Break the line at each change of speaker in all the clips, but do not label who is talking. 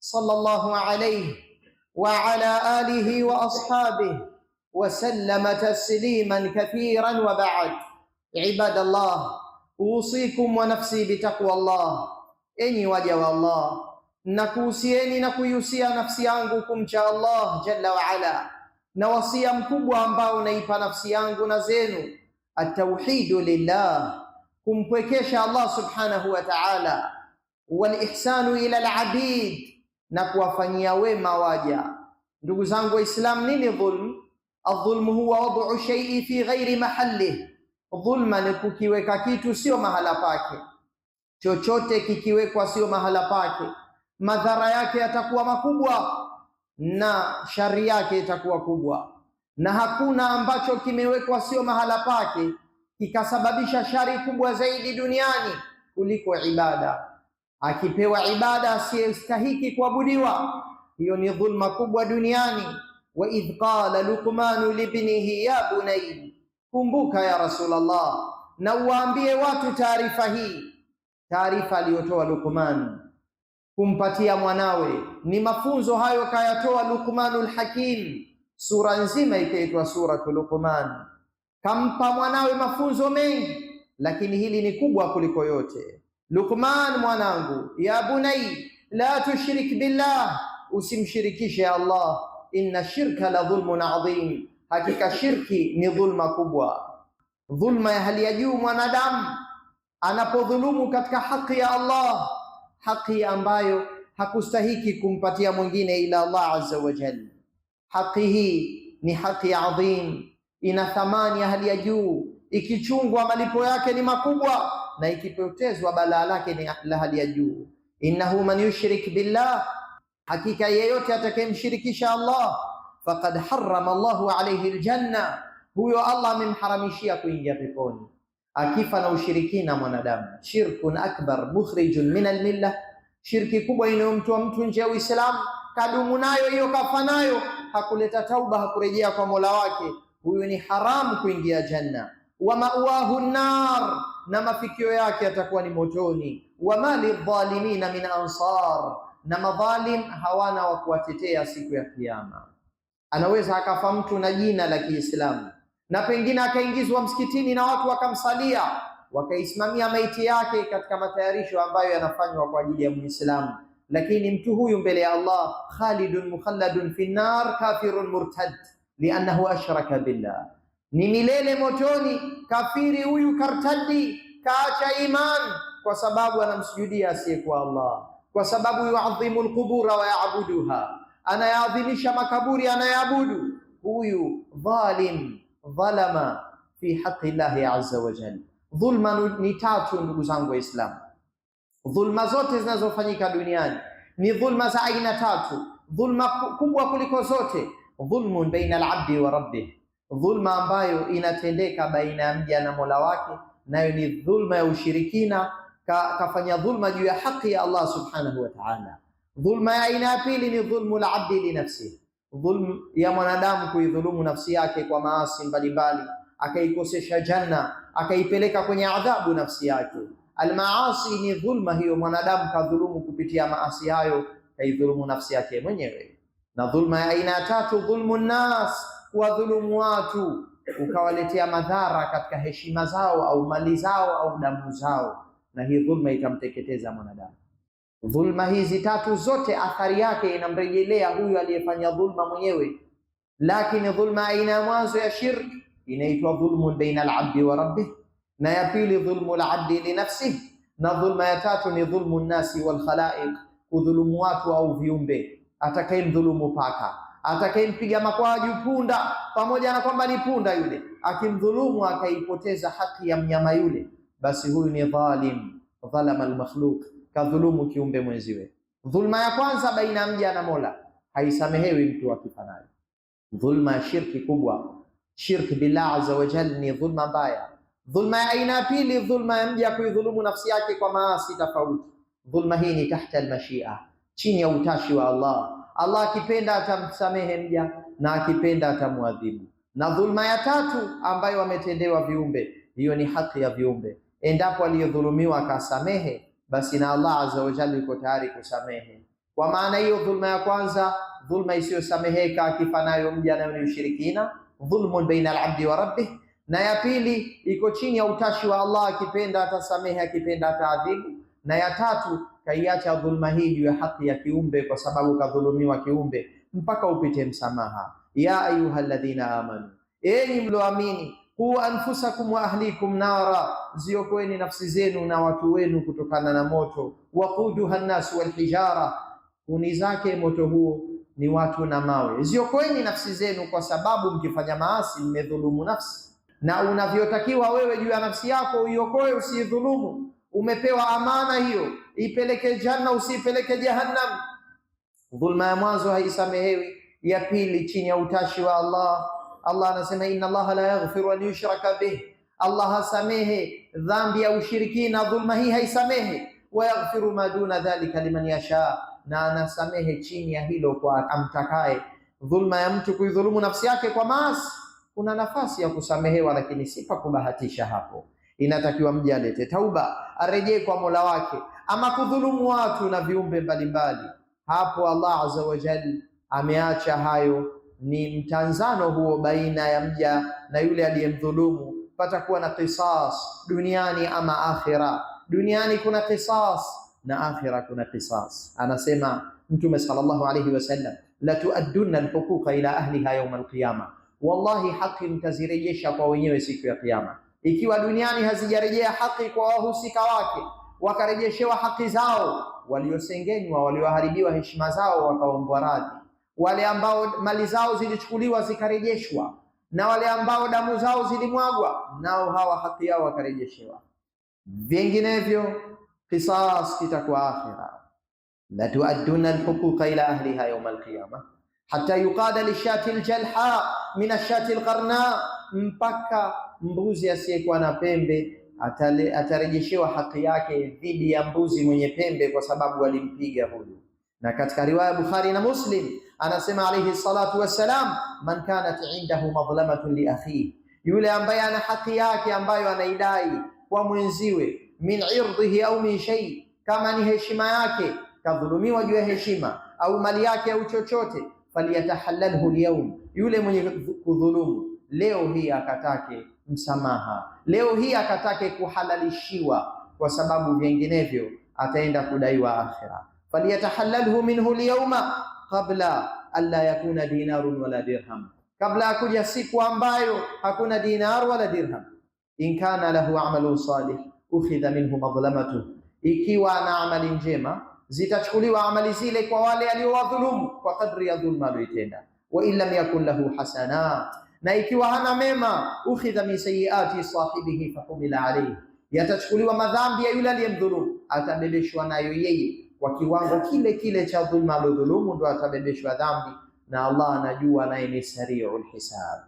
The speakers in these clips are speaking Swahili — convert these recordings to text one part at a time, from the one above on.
صلى الله عليه وعلى اله واصحابه وسلم تسليما كثيرا وبعد عباد الله اوصيكم ونفسي بتقوى الله اني وجه الله نكوسيني نكويوسيا نفسي انكم شاء الله جل وعلا نوصي امكبوا امباو نيفا نفسي نزينو التوحيد لله كم الله سبحانه وتعالى والاحسان الى العبيد na kuwafanyia wema waja. Ndugu zangu Waislamu, nini dhulm? Adhulmu huwa wad'u shay'i fi ghairi mahallih, dhulma ni kukiweka kitu sio mahala pake. Chochote kikiwekwa sio mahala pake, madhara yake yatakuwa makubwa na shari yake itakuwa kubwa, na hakuna ambacho kimewekwa sio mahala pake kikasababisha shari kubwa zaidi duniani kuliko ibada akipewa ibada asiyestahiki kuabudiwa, hiyo ni dhulma kubwa duniani. Wa idh qala Luqmanu libnihi ya bunay, kumbuka ya Rasulullah, na uwaambie watu taarifa hii, taarifa aliyotoa Luqman kumpatia mwanawe. Ni mafunzo hayo kayatoa Luqmanul Hakim, sura nzima ikaitwa Suratu Luqman. Kampa mwanawe mafunzo mengi, lakini hili ni kubwa kuliko yote. Luqman, mwanangu, ya bunai la tushrik billah, usimshirikishe Allah. Inna shirka la dhulmun adhim, hakika shirki ni dhulma kubwa, dhulma ya hali ya juu. Mwanadamu anapodhulumu katika haki ya Allah, haki ambayo hakustahiki kumpatia mwingine ila Allah azza wa jalla. Haki hii ni haki adhim, ina thamani ya hali ya juu, ikichungwa malipo yake ni makubwa na ikipotezwa balaa lake ni la hali ya juu. Innahu man yushrik billah, hakika yeyote atakayemshirikisha Allah faqad harrama Allahu alayhi aljanna, huyo Allah amemharamishia kuingia peponi. Akifa na ushirikina mwanadamu, shirkun akbar mukhrijun min almilla, shirki kubwa inayomtoa mtu nje ya Uislamu, kadumu nayo hiyo, kafa nayo, hakuleta tauba, hakurejea kwa mola wake, huyu ni haramu kuingia janna. wa ma'wahu nar na mafikio yake yatakuwa ni motoni. Wama lidhalimina min ansar, na madhalim hawana wa kuwatetea siku ya Kiyama. Anaweza akafa mtu na jina la Kiislamu na pengine akaingizwa msikitini na watu wakamsalia wakaisimamia maiti yake katika matayarisho ambayo yanafanywa kwa ajili ya Muislamu, lakini mtu huyu mbele ya Allah khalidun mukhalladun fi nar kafirun murtad liannahu ashraka billah ni milele motoni. Kafiri huyu kartadi, kaacha iman kwa sababu anamsujudia asiyekuwa Allah, kwa sababu yuadhimu lqubura wayaabuduha, anayaadhimisha makaburi anayaabudu. Huyu dhalim dhalama fi haqi llahi azza wa jalla. Dhulma ni tatu, ndugu zangu Waislamu. Dhulma zote zinazofanyika duniani ni dhulma za aina tatu. Dhulma kubwa kuliko zote, dhulmun baina alabdi wa rabbih dhulma ambayo inatendeka baina ya mja na Mola wake, nayo ni dhulma ya ushirikina. Ka, kafanya dhulma juu ya haki ya Allah subhanahu wa ta'ala. Dhulma ya aina ya pili ni dhulmu la abdi li nafsi, dhulm ya mwanadamu kuidhulumu nafsi yake kwa maasi mbalimbali, akaikosesha janna, akaipeleka kwenye adhabu nafsi yake. Almaasi ni dhulma hiyo, mwanadamu kadhulumu kupitia maasi hayo, kaidhulumu nafsi yake mwenyewe. Na dhulma ya aina ya tatu dhulmu nnas wadhulumu watu, ukawaletea madhara katika heshima zao au mali zao au damu zao, na hii dhulma itamteketeza mwanadamu. Dhulma hizi tatu zote athari yake inamrejelea huyu aliyefanya dhulma mwenyewe, lakini dhulma aina ya mwanzo ya shirk inaitwa dhulmun baina alabdi wa rabbih, na ya pili dhulmu labdi li nafsihi, na dhulma ya tatu ni dhulmu nasi wal khalaiq, kudhulumu watu au viumbe. Atakayemdhulumu paka atakayempiga makwaju punda, pamoja na kwamba ni punda yule, akimdhulumu akaipoteza haki ya mnyama yule, basi huyu ni dhalim, dhalama almakhluq, kadhulumu kiumbe mwenziwe. Dhulma ya kwanza baina mja na Mola haisamehewi mtu akifa Dhulma ya shirki kubwa, shirki billah azza wa jalla, ni dhulma mbaya. Dhulma ya aina ya pili, dhulma ya mja kuidhulumu nafsi yake kwa maasi tofauti. Dhulma hii ni tahta almashia, chini ya utashi wa Allah Allah akipenda atamsamehe mja na akipenda atamwadhibu. Na dhulma ya tatu ambayo wametendewa viumbe, hiyo ni haki ya viumbe. Endapo aliyodhulumiwa akasamehe, basi na Allah azza wa jalla yuko tayari kusamehe. Kwa maana hiyo, dhulma ya kwanza, dhulma isiyosameheka akifa nayo mja, nayo ni ushirikina, dhulmun baina al-abdi wa rabbih. Na ya pili iko chini ya utashi wa Allah, akipenda atasamehe, akipenda ataadhibu. Na ya tatu kaiacha dhulma hii juu ya haki ya kiumbe, kwa sababu kadhulumiwa kiumbe, mpaka upite msamaha. Ya ayuha alladhina amanu, enyi mloamini qu anfusakum wa ahlikum nara, ziokoeni nafsi zenu na watu wenu kutokana na moto. Waquduha wal hijara, kuni zake moto huo ni watu na mawe. Ziokoeni nafsi zenu, kwa sababu mkifanya maasi mmedhulumu nafsi, na unavyotakiwa wewe juu ya nafsi yako uiokoe, usidhulumu. Umepewa amana hiyo ipeleke janna, usiipeleke jahannam. Dhulma ya mwanzo haisamehewi, ya pili chini ya utashi wa Allah. Allah anasema inna Allaha la yaghfiru an yushraka bih, Allah hasamehe dhambi ya ushirikina, dhulma hii haisamehe. Wa yaghfiru ma duna dhalika liman yasha, na anasamehe chini ya hilo kwa amtakaye. Dhulma ya mtu kuidhulumu nafsi yake kwa maasi, kuna nafasi ya kusamehewa, lakini sipa kubahatisha hapo. Inatakiwa mja alete tauba, arejee kwa mola wake, ama kudhulumu watu na viumbe mbalimbali. Hapo Allah azza wa jalla ameacha hayo ni mtanzano huo baina ya mja na yule aliyemdhulumu. Patakuwa na qisas duniani ama akhira. Duniani kuna qisas na akhira kuna qisas. Anasema Mtume sallallahu alayhi wasallam, la tuaddunna alhuquqa ila ahliha yawm alqiyama, wallahi haki mtazirejesha kwa wenyewe siku ya Kiyama. Ikiwa duniani hazijarejea haki kwa wahusika wake wakarejeshewa haki zao, waliosengenywa, walioharibiwa heshima zao wakaombwa radhi, wale ambao mali zao zilichukuliwa zikarejeshwa, na wale ambao damu zao zilimwagwa, nao hawa haki yao wakarejeshewa. Vinginevyo qisas kitakuwa akhira, la tuadduna alhuquqa ila ahliha yawma alqiyama hata yuqada lishati aljalha min ashati alqarna, mpaka mbuzi asiyekuwa na pembe atarejeshewa haki yake dhidi ya mbuzi mwenye pembe, kwa sababu alimpiga huyu. Na katika riwaya Bukhari na Muslim anasema alayhi salatu wassalam, man kanat indahu madhlamatun li akhihi, yule ambaye ana haki yake ambayo anaidai kwa mwenziwe, min irdhihi au min shay, kama ni heshima yake kadhulumiwa juu ya heshima au mali yake au chochote, falyatahalalhu lyaum, yule mwenye kudhulumu leo hii akatake msamaha. Leo hii akatake kuhalalishiwa, kwa sababu vinginevyo ataenda kudaiwa akhira. Falyatahalalhu minhu lyauma qabla alla yakuna dinarun wala dirham, kabla akuja siku ambayo hakuna dinar wala dirham. In kana lahu amalu salih ukhidha minhu madlamatuh, ikiwa ana amali njema zitachukuliwa amali zile kwa wale aliowadhulumu kwa kadri ya dhulma aliyotenda. Wa in lam yakun lahu hasanat na ikiwa hana mema, ukhidha min sayiati sahibihi fahumila alayhi, yatachukuliwa madhambi ya yule aliyemdhulumu, atabebeshwa nayo yeye kwa kiwango kile kile cha dhulma alodhulumu, ndo atabebeshwa dhambi, na Allah anajua, naye ni sariul hisab.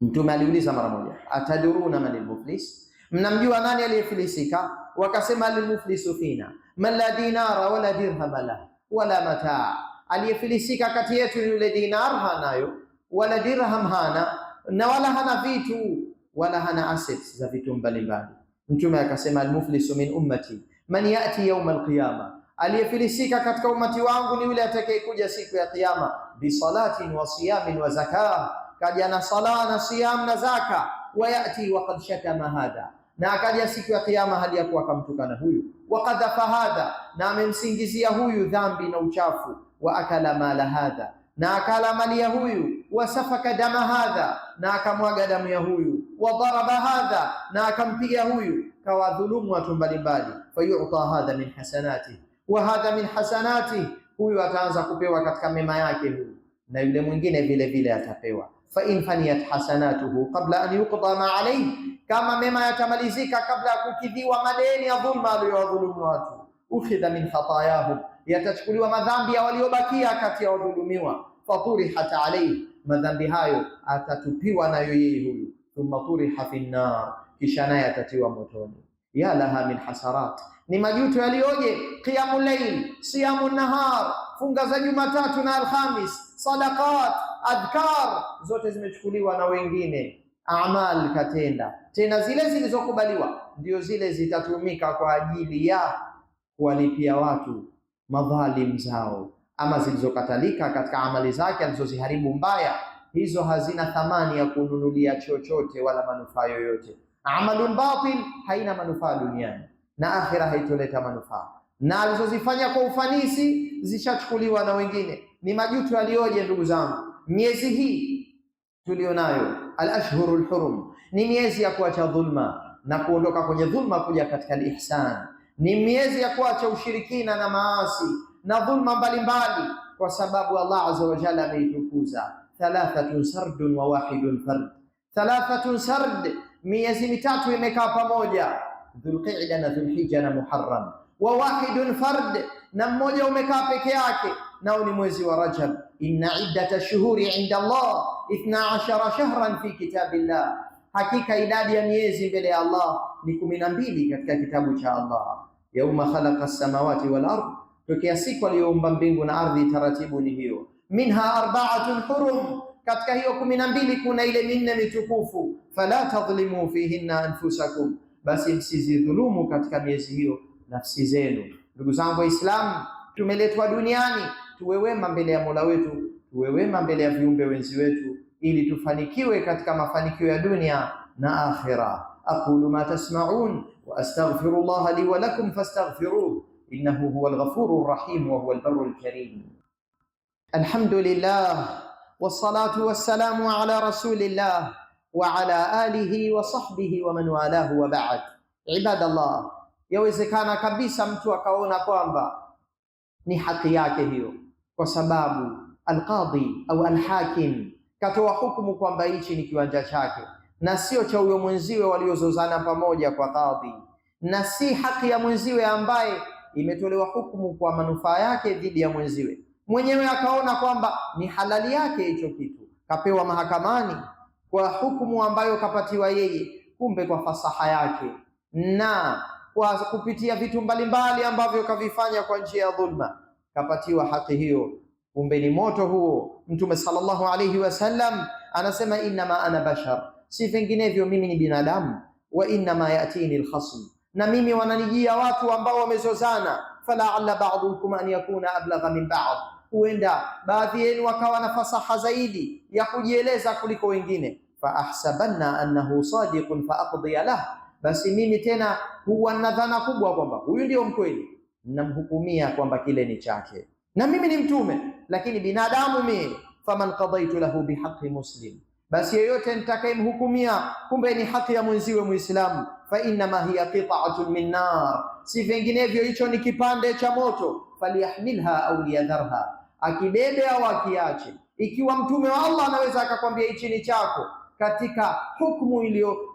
Mtume aliuliza mara moja, ataduruna man almuflis, mnamjua nani aliyefilisika? Wakasema almuflisu fina man la dinara wala dirhama lah wala mataa, aliyefilisika kati yetu yule dinar hanayo wala dirham hana na wala hana vitu wala hana assets za vitu mbalimbali. Mtume akasema, almuflisu min ummati man yati yauma alqiyama, aliyefilisika katika umati wangu ni yule atakayekuja siku ya Kiyama, bisalatin wa siyamin wa zaka, kaja na sala na siyam na zaka, wa wayati waqad shatama hadha, na akaja siku ya Kiyama hali ya kuwa akamtukana huyu, wakadhafa hadha, na amemsingizia huyu dhambi na uchafu, wa akala mala hadha na akala mali ya huyu, wasafaka dama hadha, na akamwaga damu ya huyu, wadharaba hadha, na akampiga huyu, kawadhulumu watu mbalimbali. Fayuta hadha min hasanati wa hadha min hasanati, huyu ataanza kupewa katika mema yake huyu, na yule mwingine vile vile atapewa. Fa in faniyat hasanatuhu qabla an yuqda ma alayhi, kama mema yatamalizika kabla ya kukidhiwa madeni ya dhulma aliyowadhulumu watu, ukhidha min khatayahum yatachukuliwa madhambi ya waliobakia kati ya wadhulumiwa, faturihat alaihi, madhambi hayo atatupiwa nayo yeye huyu, thumma turiha fi kisha naye atatiwa motoni. Ya laha min hasarat, ni majuto yaliyoje! Qiyamul layl, siyamun nahar, funga za Jumatatu na Alhamis, sadaqat, adhkar, zote zimechukuliwa na wengine. Amal katenda tena, zile zilizokubaliwa ndio zile zitatumika kwa ajili ya kuwalipia watu madhalim zao, ama zilizokatalika katika amali zake alizoziharibu mbaya, hizo hazina thamani ya kununulia chochote wala manufaa yoyote. Amalu batil haina manufaa duniani na akhira, haitoleta manufaa, na alizozifanya kwa ufanisi zishachukuliwa na wengine. Ni majuto aliyoje, ndugu zangu! Miezi hii tulionayo alashhurul hurum ni miezi ya kuacha dhulma na kuondoka kwenye dhulma kuja katika alihsan ni miezi ya kuacha ushirikina na maasi na dhulma mbalimbali, kwa sababu Allah azza wa jalla ameitukuza thalathatun sardun wa wahidun fard. Thalathatun sard, miezi mitatu imekaa pamoja, Dhulqida na Dhulhija na Muharram. Wa wahidun fard, na mmoja umekaa peke yake, nao ni mwezi wa Rajab. Inna iddata shuhuri inda Allah ithna ashara shahran fi kitabillah, hakika idadi ya miezi mbele ya Allah ni kumi na mbili katika kitabu cha Allah yauma khalaqa samawati wal ard, tokea siku aliyoumba mbingu na ardhi. Taratibu ni hiyo. Minha arba'atun hurum, katika hiyo kumi na mbili kuna ile minne mitukufu. Fala tadhlimu fihinna anfusakum, basi msizidhulumu katika miezi hiyo nafsi zenu. Ndugu zangu Waislamu, tumeletwa duniani tuwe wema mbele ya Mola wetu, tuwe wema mbele ya viumbe wenzi wetu, ili tufanikiwe katika mafanikio ya dunia na akhira. aqulu ma tasma'un وأستغفر الله لي ولكم فاستغفروه إنه هو الغفور الرحيم وهو البر الكريم الحمد لله والصلاة والسلام على رسول الله وعلى آله وصحبه ومن والاه وبعد عباد الله yawezekana kabisa mtu akaona kwamba ni haki yake hiyo kwa sababu alqadhi au alhakim katoa hukumu kwamba hichi ni kiwanja chake na sio cha huyo mwenziwe waliozozana pamoja kwa kadhi, na si haki ya mwenziwe ambaye imetolewa hukumu kwa manufaa yake dhidi ya mwenziwe, mwenyewe akaona kwamba ni halali yake hicho kitu, kapewa mahakamani kwa hukumu ambayo kapatiwa yeye, kumbe kwa fasaha yake na kwa kupitia vitu mbalimbali ambavyo kavifanya kwa njia ya dhulma, kapatiwa haki hiyo, kumbe ni moto huo. Mtume sallallahu alayhi wasallam anasema, innama ana bashar si vinginevyo, mimi ni binadamu. wa innama yatini lkhasm, na mimi wananijia watu ambao wamezozana. falaala ba'dukum an yakuna ablagha min ba'd, huenda baadhi yenu wakawa na fasaha zaidi ya kujieleza kuliko wengine. faahsabanna annahu sadiqun faaqdiya lah, basi mimi tena huwa na dhana kubwa kwamba huyu ndio mkweli, namhukumia kwamba kile ni chake, na mimi ni mtume, lakini binadamu mie. faman qadaitu lahu bihaqi muslim basi yeyote nitakayemhukumia kumbe ni haki ya mwenziwe Muislamu, fa innama hiya qita'atun min nar, si vinginevyo hicho ni kipande cha moto. Faliyahmilha au liyadharha, akibebe au akiache. Ikiwa mtume wa Allah anaweza akakwambia hichi ni chako, katika hukumu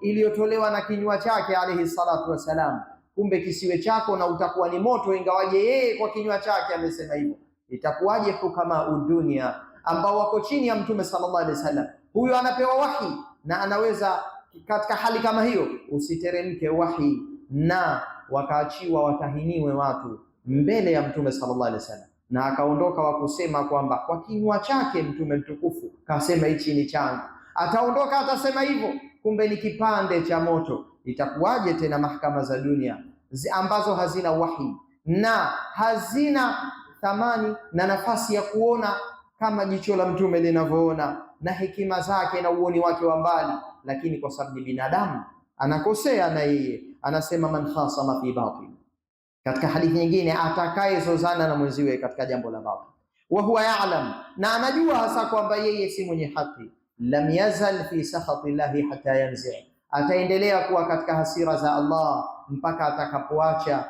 iliyotolewa na kinywa chake alayhi salatu wassalam, kumbe kisiwe chako na utakuwa ni moto, ingawaje yeye kwa kinywa chake amesema hivyo. Itakuwaje kama dunia ambao wako chini ya mtume sallallahu alaihi wasallam huyo anapewa wahi na anaweza katika hali kama hiyo usiteremke wahi, na wakaachiwa watahiniwe watu mbele ya Mtume sallallahu alaihi wasallam, na akaondoka wa kusema kwamba kwa kinywa chake Mtume mtukufu kasema hichi ni changu, ataondoka atasema hivyo, kumbe ni kipande cha moto. Itakuwaje tena mahakama za dunia ambazo hazina wahi na hazina thamani na nafasi ya kuona kama jicho la mtume linavyoona na hekima zake na uoni wake wa mbali, lakini kwa sababu ni binadamu anakosea na yeye. Anasema man khasama fi batil, katika hadithi nyingine, atakaye zozana na mwenziwe katika jambo la batil, wa huwa ya'lam, na anajua hasa kwamba yeye si mwenye haki, lam yazal fi sakhati llahi hatta yanzi, ataendelea kuwa katika hasira za Allah mpaka atakapoacha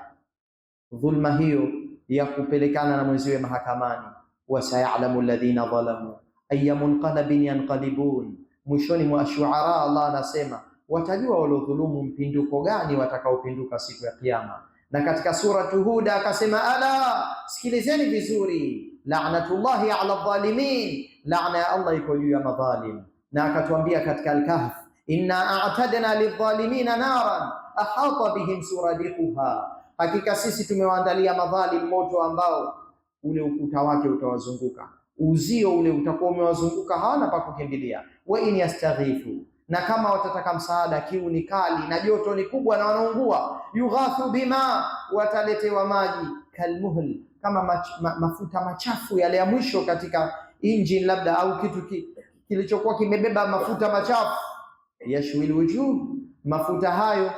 dhulma hiyo ya kupelekana na mwenziwe mahakamani wasayalamu alladhina dhalamu ayya munqalabin yanqalibun. Mwishoni mwa Shuara Allah anasema watajua waliodhulumu mpinduko gani watakaopinduka siku ya Kiyama. Na katika suratu Huda akasema, ala sikilizeni vizuri, laanatullahi ala dhalimin, laana ya Allah iko juu ya madhalim. Na akatuambia katika al inna a'tadna lidhalimina naran ahata bihim suradiquha, hakika sisi tumewaandalia madhalim moto ambao ule ukuta wake utawazunguka, uzio ule utakuwa umewazunguka, hawana pa kukimbilia. Wa in yastaghifu, na kama watataka msaada, kiu ni kali na joto ni kubwa na wanaungua, yughathu bima, wataletewa maji kalmuhl, kama mach, ma, mafuta machafu yale ya mwisho katika injini labda, au kitu ki, kilichokuwa kimebeba mafuta machafu. Yashwil wujuh, mafuta hayo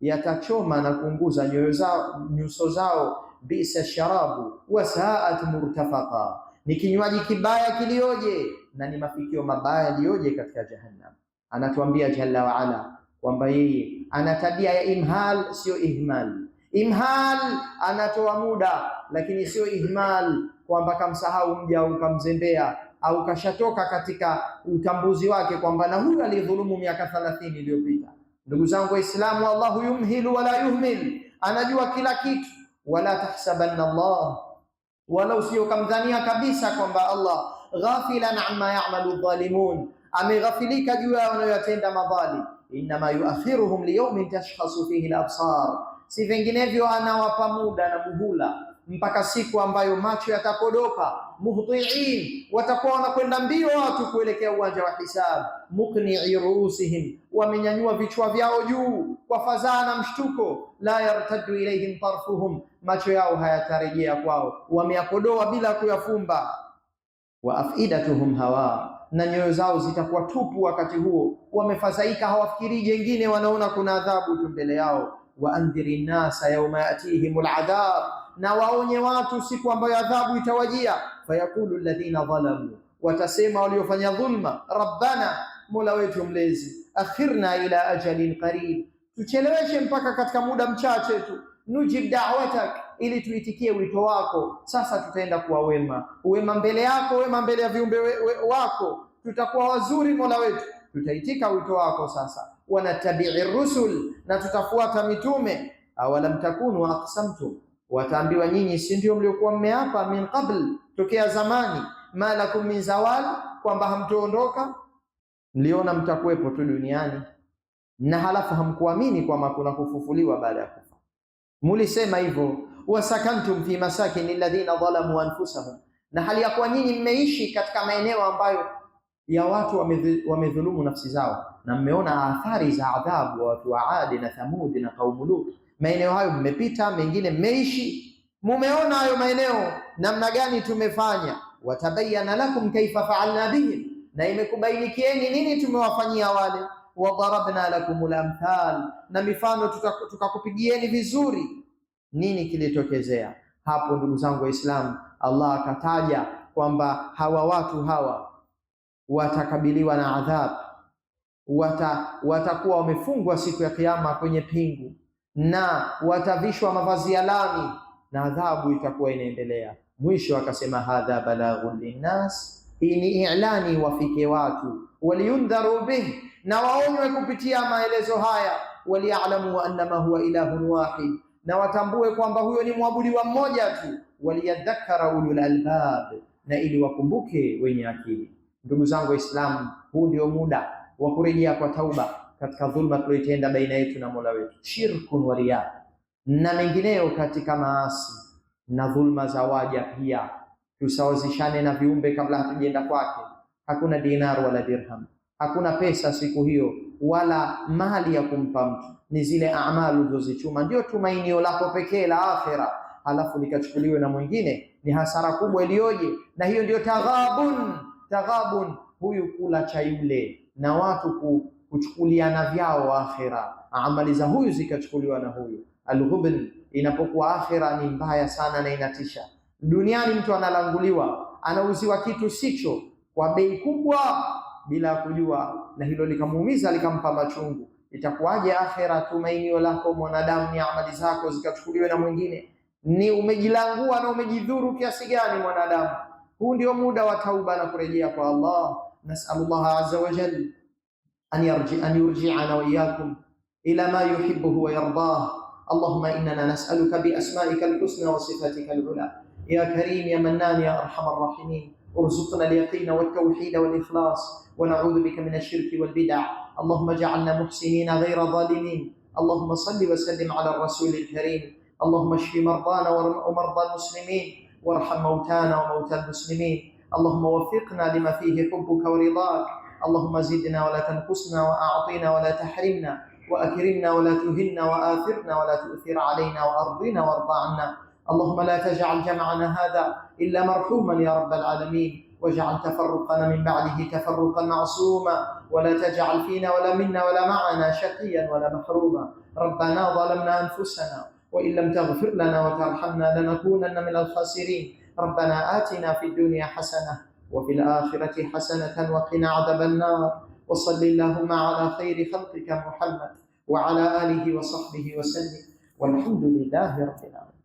yatachoma na kuunguza nyoyo zao, nyuso zao bisa sharabu wasaat murtafaqa, ni kinywaji kibaya kilioje, na ni mafikio mabaya yaliyoje katika jahannam. Anatuambia jalla waala kwamba yeye ana tabia ya imhal, siyo ihmal. Imhal anatoa muda, lakini siyo ihmal, kwamba kamsahau mja au kamzembea au kashatoka katika utambuzi wake kwamba na huyu alidhulumu miaka 30 iliyopita. Ndugu zangu Waislamu, Allahu yumhilu wala yuhmil, anajua kila kitu wala tahsabanna Allah, wala usiyokamdhania kabisa kwamba Allah ghafilan amma ya'malu dhalimun, ameghafilika juu ya wanayoyatenda madhalim. Innama yuakhiruhum liyawmin tashkhasu fihi al-absar, si vinginevyo anawapa muda na muhula mpaka siku ambayo macho yatakodoka, muhtiin, watakuwa wanakwenda mbio watu kuelekea uwanja wa hisabu. Muknii ruusihim, wamenyanyua vichwa vyao juu kwa fadhaa na mshtuko. La yartaddu ilaihim tarfuhum, macho yao hayatarejea kwao, wameyakodoa bila kuyafumba. Wa afidatuhum hawa, na nyoyo zao zitakuwa tupu wakati huo, wamefadhaika, hawafikiri jengine, wanaona kuna adhabu tu mbele yao. Wa andhiri nnasa yauma yatihim ladhab na waonye watu siku ambayo adhabu itawajia. Fayaqulu alladhina dhalamu, watasema waliofanya dhulma, rabbana, mola wetu mlezi, akhirna ila ajalin qarib, tucheleweshe mpaka katika muda mchache tu, nujib da'watak, ili tuitikie wito wako. Sasa tutaenda kuwa wema, wema mbele yako, wema mbele ya viumbe we, we, wako, tutakuwa wazuri mola wetu, tutaitika wito wako. Sasa wanatabii rusul, na tutafuata mitume. Awalam takunu aqsamtum wataambiwa nyinyi si ndio mliokuwa mmeapa min qabl, tokea zamani, ma lakum min zawal, kwamba hamtoondoka, mliona mtakuwepo tu duniani, na halafu hamkuamini kwamba kuna kufufuliwa baada ya kufa. Mulisema hivyo, wasakantum fi masakin alladhina dhalamu anfusahum, na hali ya kuwa nyinyi mmeishi katika maeneo ambayo ya watu wamedhulumu nafsi zao, na mmeona athari za adhabu wa watu wa Adi na Thamudi na kaumu Lut maeneo hayo mmepita, mengine mmeishi, mumeona hayo maeneo namna gani tumefanya. Watabayana lakum kaifa faalna bihim, na imekubainikieni nini tumewafanyia wale. Wadarabna lakum amthal, na mifano tukakupigieni vizuri. Nini kilitokezea hapo, ndugu zangu Waislamu? Allah akataja kwamba hawa watu hawa watakabiliwa na adhab, watakuwa wamefungwa siku ya Kiyama kwenye pingu na watavishwa mavazi ya lami na adhabu itakuwa inaendelea. Mwisho akasema hadha balaghu linnas, hii ni ilani wafike watu, waliyundharu bih na waonywe kupitia maelezo haya, waliyalamu annama huwa ilahun wahid, na watambue kwamba huyo ni mwabudiwa mmoja tu, waliyadhakara ulul albab, na ili wakumbuke wenye akili. Ndugu zangu Waislamu, huu ndio muda wa kurejea kwa tauba katika dhulma tulioitenda baina yetu na Mola wetu, shirkun wa riya, na mengineyo katika maasi na dhulma za waja. Pia tusawazishane na viumbe kabla hatujaenda kwake. Hakuna dinar wala dirham, hakuna pesa siku hiyo wala mali ya kumpa mtu, ni zile amali ulizozichuma ndio tumainio lako pekee la akhira, alafu likachukuliwe na mwingine, ni hasara kubwa iliyoje! Na hiyo ndio taghabun, taghabun, huyu kula cha yule na watu ku kuchukuliana vyao akhira, amali za huyu zikachukuliwa na huyu. Alghubn inapokuwa akhira ni mbaya sana na inatisha. Duniani mtu analanguliwa, anauziwa kitu sicho kwa bei kubwa bila kujua, na hilo likamuumiza likampa machungu. Itakuwaje akhira, tumainio lako mwanadamu ni amali zako zikachukuliwe na mwingine? Ni umejilangua na umejidhuru kiasi gani mwanadamu? Huu ndio muda wa tauba na kurejea kwa Allah. Nasalullah azza wa jalla أن يرجع أن يرجعنا وإياكم إلى ما يحبه ويرضاه اللهم إننا نسألك بأسمائك الحسنى وصفاتك العلى يا كريم يا منان يا أرحم الراحمين ارزقنا اليقين والتوحيد والإخلاص ونعوذ بك من الشرك والبدع اللهم اجعلنا محسنين غير ظالمين اللهم صل وسلم على الرسول الكريم اللهم اشف مرضانا ومرضى المسلمين وارحم موتانا وموتى المسلمين اللهم وفقنا لما فيه حبك ورضاك اللهم زدنا ولا تنقصنا وأعطنا ولا تحرمنا وأكرمنا ولا تهنا وآثرنا ولا تؤثر علينا وأرضنا وارض عنا اللهم لا تجعل جمعنا هذا إلا مرحوما يا رب العالمين واجعل تفرقنا من بعده تفرقا معصوما ولا تجعل فينا ولا منا ولا معنا شقيا ولا محروما ربنا ظلمنا أنفسنا وإن لم تغفر لنا وترحمنا لنكونن من الخاسرين ربنا آتنا في الدنيا حسنة وفي الآخرة حسنة وقنا عذاب النار وصل اللهم على خير خلقك محمد وعلى آله وصحبه وسلم والحمد لله رب العالمين